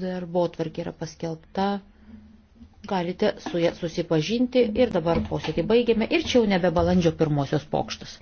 darbo tvarkė yra paskelbta, galite su ja susipažinti ir dabar posėdį baigėme ir čia jau nebe balandžio pirmosios pokštas.